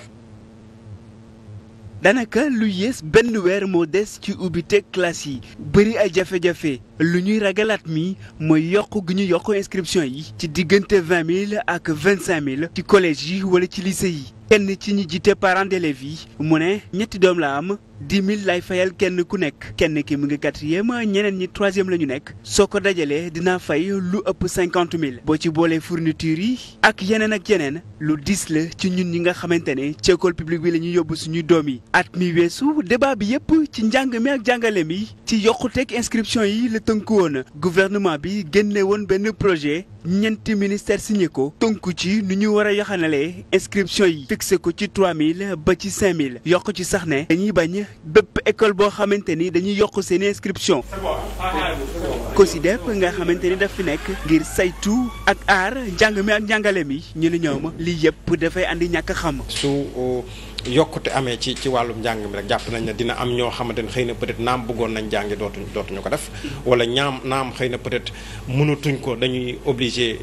kos danaka lu yées benn weer moo des ci ubbiteg classe yi bëri ay jafe-jafe lu ñuy ragalaat mi mooy yokk gi ñu yokk inscription yi ci diggante vingt mille ak vingt cinq mille ci collège yi wala ci lise yi kenn ci ñi jiite parents d'élèves yi mu ne ñetti doom la am dix mille lay fayal kenn ku nekk kenn ki mu ngi quatrième ñeneen ñi troisième lañu ñu nekk soo ko dajalee dina fay lu ëpp cinquante mille boo ci boolee fourniture yi ak yeneen ak yeneen lu diis la ci ñun ñi nga xamante ne ci école bi la ñuy yóbbu suñuy doom yi at mi weesu débat bi yépp ci njàng mi ak jàngale mi ci yokkuteeg inscription yi la tënku woon gouvernement bi génne woon benn projet ñeenti ministère signé ko tënku ci nu ñu war a yoxanalee inscription yi fixé ko ci trois mille ba ci cinq mille yokk ci sax ne bépp école boo xamante ni dañuy yokk seeni inscription COSYDEP nga xamante ni daf fi nekk ngir saytu ak aar njàng mi ak njàngale mi ñu ne ñoom lii yëpp dafay indi ñàkk xam su uh, yokkute amee ci ci wàllum njàng mi rek jàpp nañ ne dina am ñoo xamante ne xëy na peut-être naam bëggoon nañ jàngi dootuñ dootuñu ko def wala ñaam naam xëy na peut-être mënatuñ ko dañuy obligé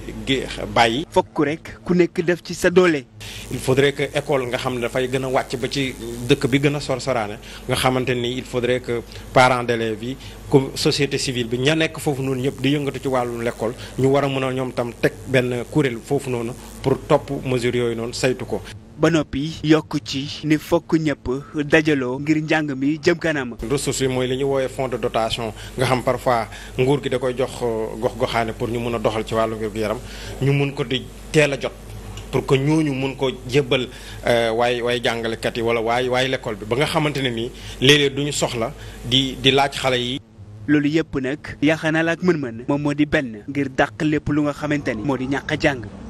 bàyyi fokk rek ku nekk def ci sa doole il faudrait que école nga xam ne dafay gën a wàcc ba ci dëkk bi gën a sor soraane nga xamante ni il faudrait que parents d'élèves yi comme société civile bi ña nekk foofu noonu ñëpp di yëngatu ci wàllu l'école ñu war a mën a ñoom tam teg benn kuréel foofu noonu pour topp mesure yooyu noonu saytu ko. ba noppi yokk ci ni fokk ñëpp dajaloo ngir njàng mi jëm kanam. ressources yi mooy lañuy ñu woowee fonds de dotation nga xam parfois nguur gi da koy jox gox goxaane pour ñu mun a doxal ci wàllu wér yaram ñu mun ko di teel a jot. pour que ñooñu mun ko jébbal euh, waay waaye jàngalekat yi wala waaye waay l'école bi ba nga xamante ne nii léeg du ñu soxla di di laaj xale yi. loolu yëpp nag yaxanal ak mën-mën moom moo di benn ngir dàq lépp lu nga xamante ni moo di ñàkk a jàng.